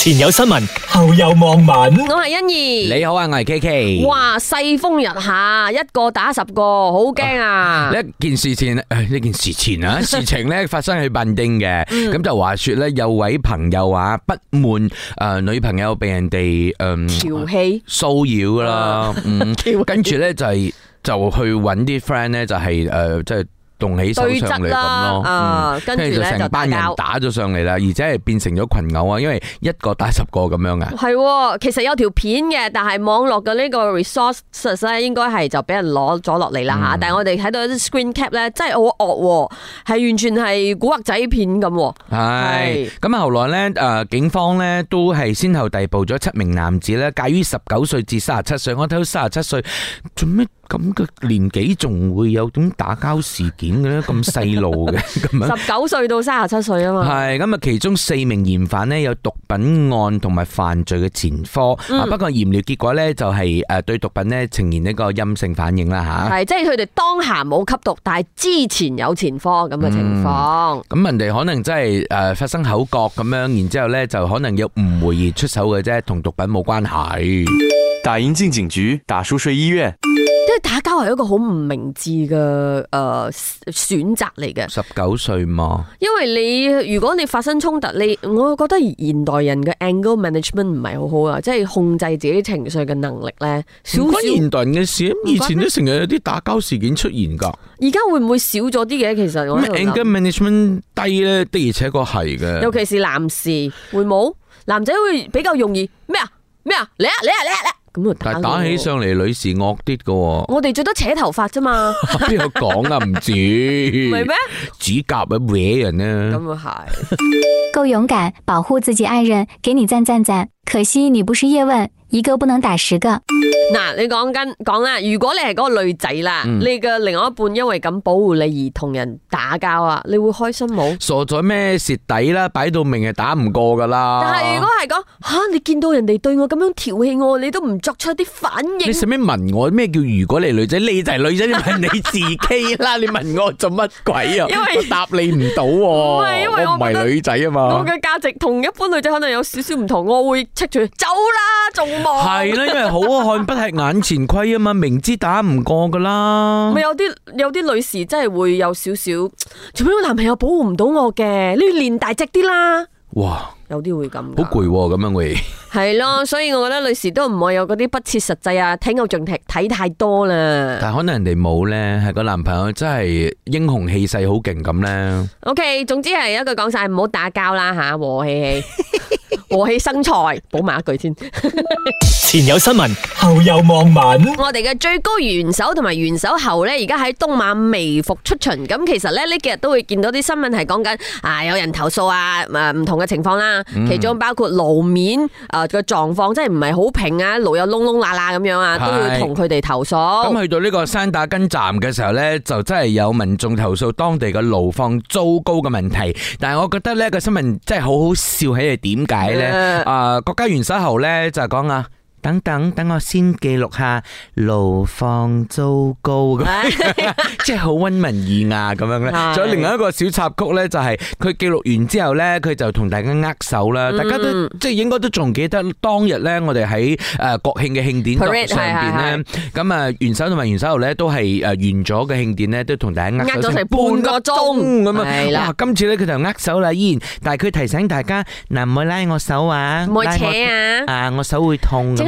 前有新聞，後有網民。我係欣怡，你好啊，我係 K K。哇，世風日下，一個打十個，好驚啊！一件事情，誒，呢件事情啊，事情咧發生喺笨丁嘅，咁就話說咧，有位朋友話不滿誒，女朋友俾人哋誒調戲、騷擾啦，嗯，跟住咧就係就去揾啲 friend 咧，就係誒，即係。動起手上嚟咁咯，啊嗯、跟住咧就成班人打咗上嚟啦，嗯、而且係變成咗群毆啊，嗯、因為一個打十個咁樣啊。係、哦，其實有條片嘅，但係網絡嘅呢個 resources 咧，應該係就俾人攞咗落嚟啦吓。但係我哋睇到啲 screen cap 咧，真係好惡，係完全係古惑仔片咁。係，咁後來咧，誒、呃，警方咧都係先後逮捕咗七名男子咧，介於十九歲至卅七歲，我睇到卅七歲做咩？咁個年紀仲會有種打交事件嘅咧？咁細路嘅咁樣，十九歲到三十七歲啊嘛。係咁啊，其中四名嫌犯呢，有毒品案同埋犯罪嘅前科。嗯，不過驗尿結果咧就係誒對毒品咧呈現呢個陰性反應啦吓。係，即係佢哋當下冇吸毒，但係之前有前科咁嘅情況。咁、嗯、人哋可能真係誒發生口角咁樣，然之後咧就可能有誤會而出手嘅啫，同毒品冇關係。打贏進警局，打輸睡醫院。即係打交係一個好唔明智嘅、誒、呃、選擇嚟嘅。十九歲嘛？因為你如果你發生衝突，你我覺得現代人嘅 angle management 唔係好好啊，即係控制自己情緒嘅能力咧少少。現代人嘅事，以前都成日有啲打交事件出現噶。而家會唔會少咗啲嘅？其實我 angle management 低咧，的而且確係嘅。尤其是男士會冇男仔會比較容易咩啊咩啊，你啊你啊你啊嚟！啊啊啊打但打起上嚟，女士惡啲嘅。我哋最多扯頭髮啫嘛，邊 有講啊？唔止，係咩 嗎？指甲啊搲人啊，咁又係。夠勇敢，保護自己愛人，給你讚讚讚。可惜你不是葉問。一個不能打十個嗱，你講緊講啦，如果你係嗰個女仔啦，嗯、你嘅另外一半因為咁保護你而同人打交啊，你會開心冇？傻咗咩蝕底啦，擺到明係打唔過噶啦。但係如果係講吓，你見到人哋對我咁樣調戲我，你都唔作出啲反應？你使咩問我咩叫如果你女仔？你就係女仔，你問你自己啦， 你問我做乜鬼啊？因為我答你唔到啊，因為我唔係女仔啊嘛。我嘅價值同一般女仔可能有少少唔同，我會戚住走啦，仲。係啦， 因為好漢不吃眼前虧啊嘛，明知打唔過噶啦。咪有啲有啲女士真係會有少少，除非我男朋友保護唔到我嘅，你要練大隻啲啦。有啲會咁、啊，好攰咁樣會，係咯，所以我覺得女士都唔會有嗰啲不切實際啊，睇偶像劇睇太多啦。但係可能人哋冇咧，係個男朋友真係英雄氣勢好勁咁咧。 o、okay, K，總之係一句講晒，唔好打交啦吓，和氣氣， 和氣生財，補埋一句先。 前有新聞，後有網民。我哋嘅最高元首同埋元首后呢，而家喺東馬微服出巡。咁其實呢呢幾日都會見到啲新聞係講緊啊，有人投訴啊，唔、啊、同嘅情況啦。其中包括路面誒嘅狀況，即係唔係好平啊，路有窿窿罅罅咁樣啊，都要同佢哋投訴。咁去到呢個山打根站嘅時候呢，就真係有民眾投訴當地嘅路況糟糕嘅問題。但係我覺得呢、呢個新聞真係好好笑，係點解呢？Uh, 啊，國家元首后呢，就係講啊。等等等我先記錄下路況糟糕咁，即係好溫文爾雅咁樣咧。仲有另外一個小插曲咧，就係佢記錄完之後咧，佢就同大家握手啦。大家都即係應該都仲記得當日咧，我哋喺誒國慶嘅慶典上邊咧，咁啊元首同埋元首后咧都係誒完咗嘅慶典咧，都同大家握手咗成半個鐘咁啊！哇，今次咧佢就握手啦，依然，但係佢提醒大家嗱，唔好拉我手啊，唔好扯啊，啊我手會痛咁。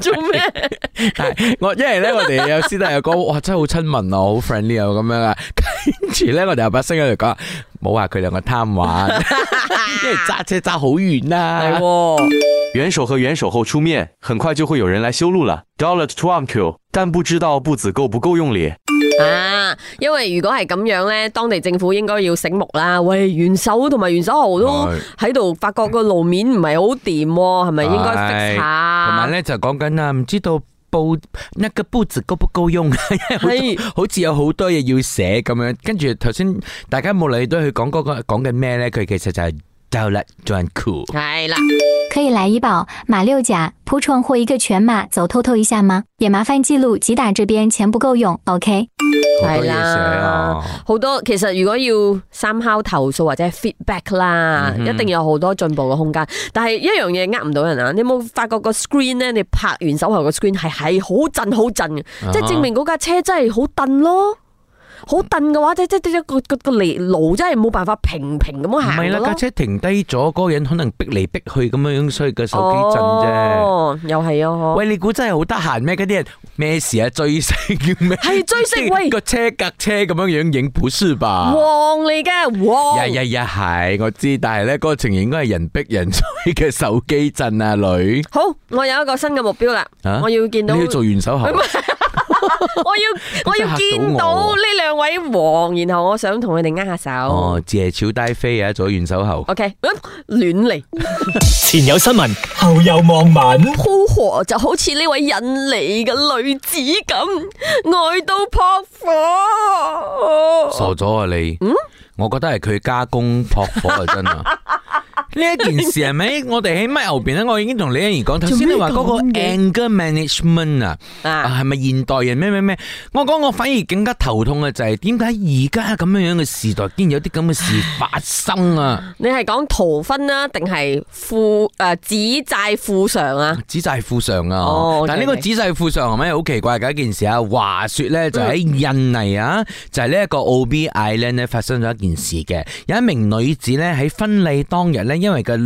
做咩？我 因為咧，我哋有師弟又講，哇，真係好親民啊，好 friend 啊，咁樣啊。跟住咧，我哋大把聲喺度講，冇好話佢兩個貪玩， 因為揸車揸好遠啊。」係元首和元首后出面，很快就會有人來修路啦。Dollar to Uncle 但不知道步子夠不夠用咧。啊，因為如果係咁樣咧，當地政府應該要醒目啦。喂，元首同埋元首后都喺度發覺個路面唔係好掂喎，係咪應該 fix 下？同埋咧就講緊啊，唔知道布那個簿子夠不夠用啊？好似有好多嘢要寫咁樣。跟住頭先大家冇理到佢講嗰個講緊咩咧，佢其實就係做啦，做人 cool。係啦。可以來怡保、馬六甲、蒲種或一個全馬走透透一下嗎？也麻煩記錄吉打這邊錢不夠用，OK？好多啦，好 多其實如果要三敲投訴或者 feedback 啦，一定有好多進步嘅空間。但係一樣嘢呃唔到人啊，你有冇發覺個 screen 咧？你拍完手後個 screen 係係、uh huh. 好震好震即係證明嗰架車真係好震咯。好頓嘅話，即即即個個個路真係冇辦法平平咁樣行係啦，架車停低咗，嗰個人可能逼嚟逼去咁樣樣，所以個手機震啫。哦，又係 啊，嗬！喂，你估真係好得閒咩？嗰啲人咩事啊？追星咩？係追星喂，個車隔車咁樣樣影本書吧？黃嚟嘅黃。呀、啊哎、呀呀，係我知，但係咧，嗰個情形應該係人逼人追嘅手機震啊女。好，我有一個新嘅目標啦，啊、我要見到你去做元首後。 我要 我要見到呢兩位王，然後我想同佢哋握下手。哦，借草低飛啊，左轉手後。OK，咁亂嚟。 前有新聞，後有網民。撲火 就好似呢位引嚟嘅女子咁，愛到撲火。 傻咗啊你？嗯？我覺得係佢加工撲火啊真啊。 呢 一件事係咪？ 我哋喺麥後邊咧，我已經同李欣怡講，頭先你話嗰個 anger management 啊，係咪、啊啊、現代人咩咩咩？我講我反而更加頭痛嘅就係，點解而家咁樣樣嘅時代，竟然有啲咁嘅事發生啊？ 你係講逃婚啊，定係父，呃，子債父償啊？子債父償啊！但係呢個子債父償係咪好奇怪嘅一件事啊？話說咧，就喺印尼啊，就係呢一個 Obi Island 咧發生咗一件事嘅，有一名女子咧喺婚禮當日咧。因為個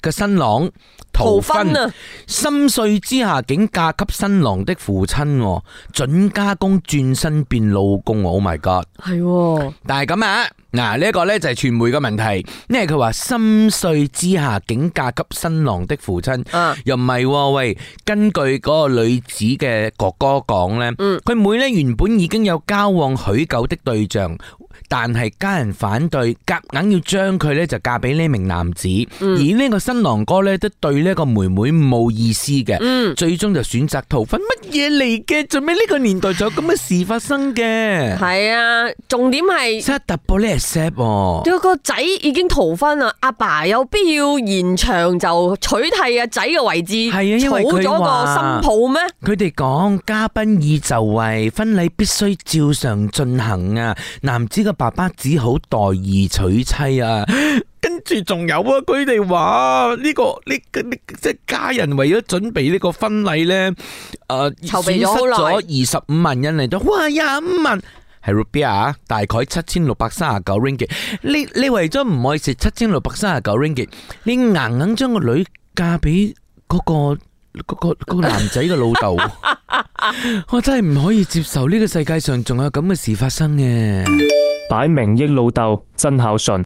個新郎逃婚啊，心碎之下竟嫁給新郎的父親，準家公轉身變老公，我 oh my god，係，哦、但係咁啊，嗱呢一個咧就係傳媒嘅問題，因為佢話心碎之下竟嫁給新郎的父親，又唔係、哦，喂，根據嗰個女子嘅哥哥講呢，佢、嗯、妹呢原本已經有交往許久的對象。但係家人反對，夾硬要將佢咧就嫁俾呢名男子，嗯、而呢個新郎哥咧都對呢個妹妹冇意思嘅，嗯、最終就選擇逃婚。乜嘢嚟嘅？做咩呢個年代仲有咁嘅事發生嘅？係啊，重點係 set double 呢係 set，個個仔已經逃婚啦，阿爸有必要延長就取替阿仔嘅位置？係啊，因為佢話新抱咩？佢哋講嘉賓已就位，婚禮必須照常進行啊！男子。呢個爸爸只好代而娶妻啊！跟住仲有啊，佢哋話呢個呢、呢個即係、呢個呢個、家人為咗準備呢個婚禮咧，誒、呃，損失咗二十五萬印尼盾，哇，廿五萬係 Rubia，大概七千六百三十九 Ringgit。你你為咗唔愛食七千六百三十九 Ringgit，你硬硬將、個女嫁俾嗰個、嗰個、嗰個男仔嘅老豆， 我真係唔可以接受呢個世界上仲有咁嘅事發生嘅。擺明益老豆，真孝順。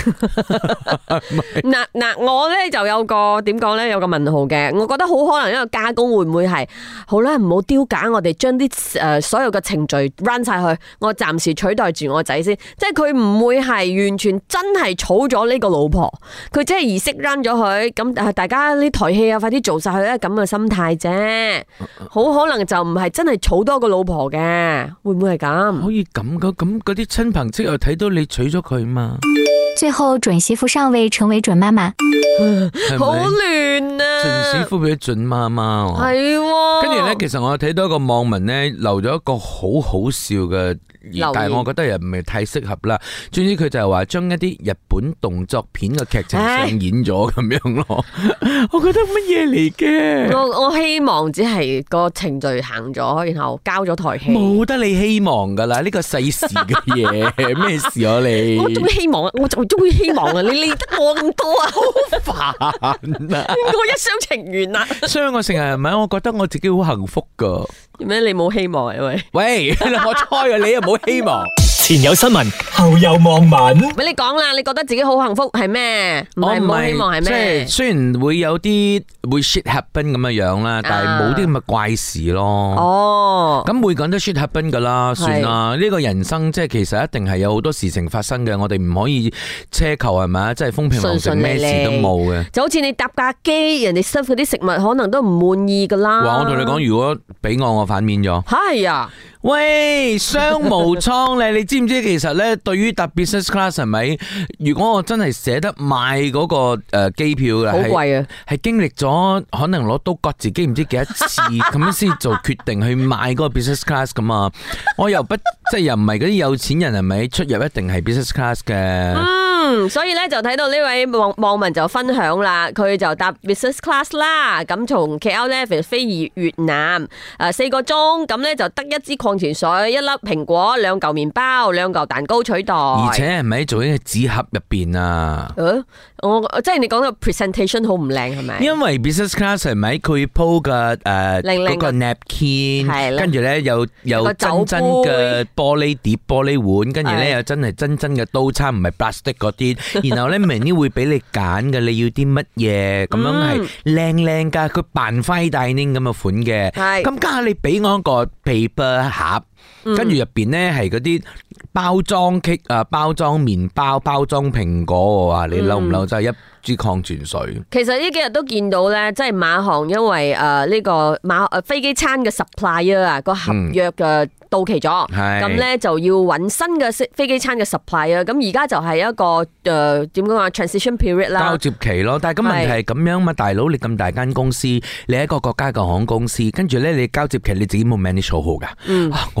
嗱嗱，我咧就有個點講咧，有個問號嘅。我覺得好可能一個加工會唔會係好啦？唔好丟架，我哋將啲誒所有嘅程序 run 晒去，我暫時取代住我仔先，即係佢唔會係完全真係儲咗呢個老婆，佢即係儀式 run 咗佢咁。大家呢台戲啊，快啲做晒佢啦，咁嘅心態啫。好可能就唔係真係儲多個老婆嘅，會唔會係咁？可以咁噶？咁嗰啲親朋戚友睇到你娶咗佢啊嘛？最後準媳婦上位成為準媽媽， 是是好亂啊！準媳婦變準媽媽，係跟住咧，其實我睇到一個網民咧，留咗一個好好笑嘅。但係我覺得又唔係太適合啦。總之佢就係話將一啲日本動作片嘅劇情上演咗咁樣咯。我覺得乜嘢嚟嘅？我我希望只係個程序行咗，然後交咗台戲。冇得你希望噶啦，呢個世事嘅嘢，咩事啊你？我中意希望啊，我就中意希望啊！你理得我咁多啊，好煩啊！我一廂情願啊，所以我成日咪，我覺得我自己好幸福噶。點解你冇希望啊？喂喂，我猜啊，你又冇。好希望前有新聞，後有網民。俾你講啦，你覺得自己好幸福係咩？我唔希望係咩？即係雖然會有啲會 shit happen 咁嘅樣啦，但係冇啲咁嘅怪事咯。哦，咁每個人都 shit happen 噶啦，算啦。呢個人生即係其實一定係有好多事情發生嘅，我哋唔可以奢求係咪啊？即係風平浪靜咩事都冇嘅。就好似你搭架機，人哋 serve 啲食物可能都唔滿意噶啦。哇！我同你講，如果俾我，我反面咗。係啊。喂，商務艙，你你知唔知其實咧，對於搭 business class 係咪？如果我真係捨得買嗰個誒機票咧，好貴啊！係經歷咗可能攞刀割自己，唔知幾多次，咁先做決定去買嗰個 business class 噶嘛？我又不即係又唔係嗰啲有錢人係咪出入一定係 business class 嘅？ 嗯、所以咧就睇到呢位網網民就分享啦，佢就搭 business class 啦，咁從 KL 咧飛飛越南，誒、呃、四個鐘，咁咧就得一支礦泉水、一粒蘋果、兩嚿麵包、兩嚿蛋糕取代。而且係咪做緊個紙盒入邊啊，啊？我即係你講到 presentation 好唔靚係咪？因為 business class 係咪佢鋪嘅誒嗰個 napkin，的跟住咧有有真真嘅玻璃碟、玻璃碗，跟住咧有真係真真嘅刀叉，唔係 plastic 個。嗯嗯 然後咧，明啲會俾你揀嘅，你要啲乜嘢咁樣係靚靚㗎，嗯，佢扮輝大呢咁嘅款嘅，咁家下你俾我個 paper 盒。跟住入邊呢，係嗰啲包裝 cake 啊，包裝麵包、包裝蘋果嘅你嬲唔嬲？就係、嗯、一樽礦泉水。其實呢幾日都見到呢，即係馬航因為誒呢個馬誒、啊、飛機餐嘅 supply 啊個合約嘅到期咗，咁呢、嗯，是就要搵新嘅飛飛機餐嘅 supply 啊。咁而家就係一個誒點、呃、講啊 transition period 啦，交接期咯。但係咁問題係咁樣嘛，是大佬你咁大間公司，你一個國家嘅航空公司，跟住呢，你交接期你自己冇 manage 好噶，嗯、啊。啊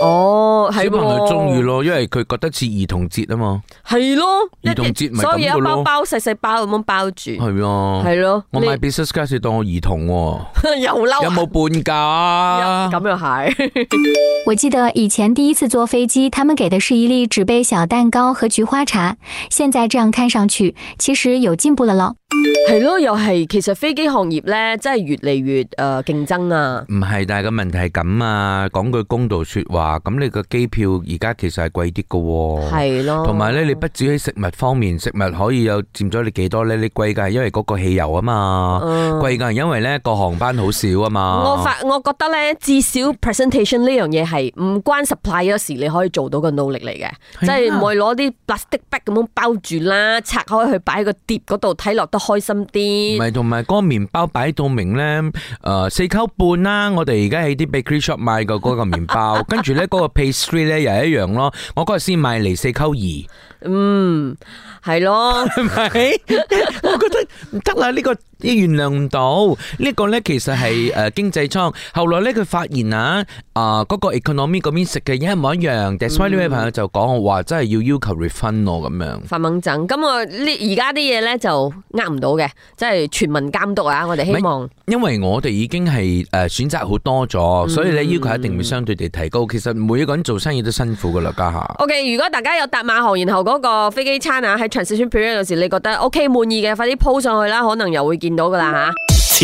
哦，oh, 小朋友中意咯，因為佢覺得似兒童節啊嘛。係咯，兒童節咪所以一包包細細包咁樣包住。係啊，係咯。咯我買 business class 當我兒童。 又嬲，有冇半價啊？咁又係。我記得以前第一次坐飛機，他們給的是一粒紙杯小蛋糕和菊花茶。現在這樣看上去，其實有進步了咯。係咯，又係。其實飛機行業咧，真係越嚟越誒競爭啊。唔係，但係個問題係咁啊，講句公道說話。咁你個機票而家其實係貴啲噶，係咯的，同埋咧你不止喺食物方面，食物可以有佔咗你幾多咧？你貴噶係因為嗰個汽油啊嘛，貴噶係因為咧個航班好少啊嘛。我發我覺得咧，至少 presentation 呢樣嘢係唔關 supplier 事，你可以做到嘅努力嚟嘅，的即係唔會攞啲 plastic bag 咁樣包住啦，拆開去擺喺個碟嗰度睇落得開心啲。唔係，同埋嗰個麵包擺到明咧，誒四扣半啦，啊，我哋而家喺啲 bakery shop 買嘅嗰個麵包，跟住。咧嗰 pastry 咧又一樣個、嗯、咯，我嗰日先買嚟四扣二，嗯，係咯，唔係？我覺得唔得啦呢個。啲原諒唔到，呢個咧其實係誒經濟艙。後來咧佢發現啊，啊嗰個 economy 嗰邊食嘅嘢，一模一樣。但係呢位朋友就講話，真係要要求 refund 咯，咁樣。發掹證，咁我呢而家啲嘢咧就呃唔到嘅，真係全民監督啊！我哋希望，因為我哋已經係誒選擇好多咗，所以咧要求一定會相對地提高。其實每一個人做生意都辛苦噶啦，家下。O K，如果大家有搭馬航，然後嗰個飛機餐啊喺 transitionperiod 嗰時，你覺得 O K 滿意嘅，快啲 po 上去啦，可能又會見。見到噶啦吓，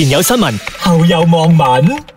前有新聞，後有網民。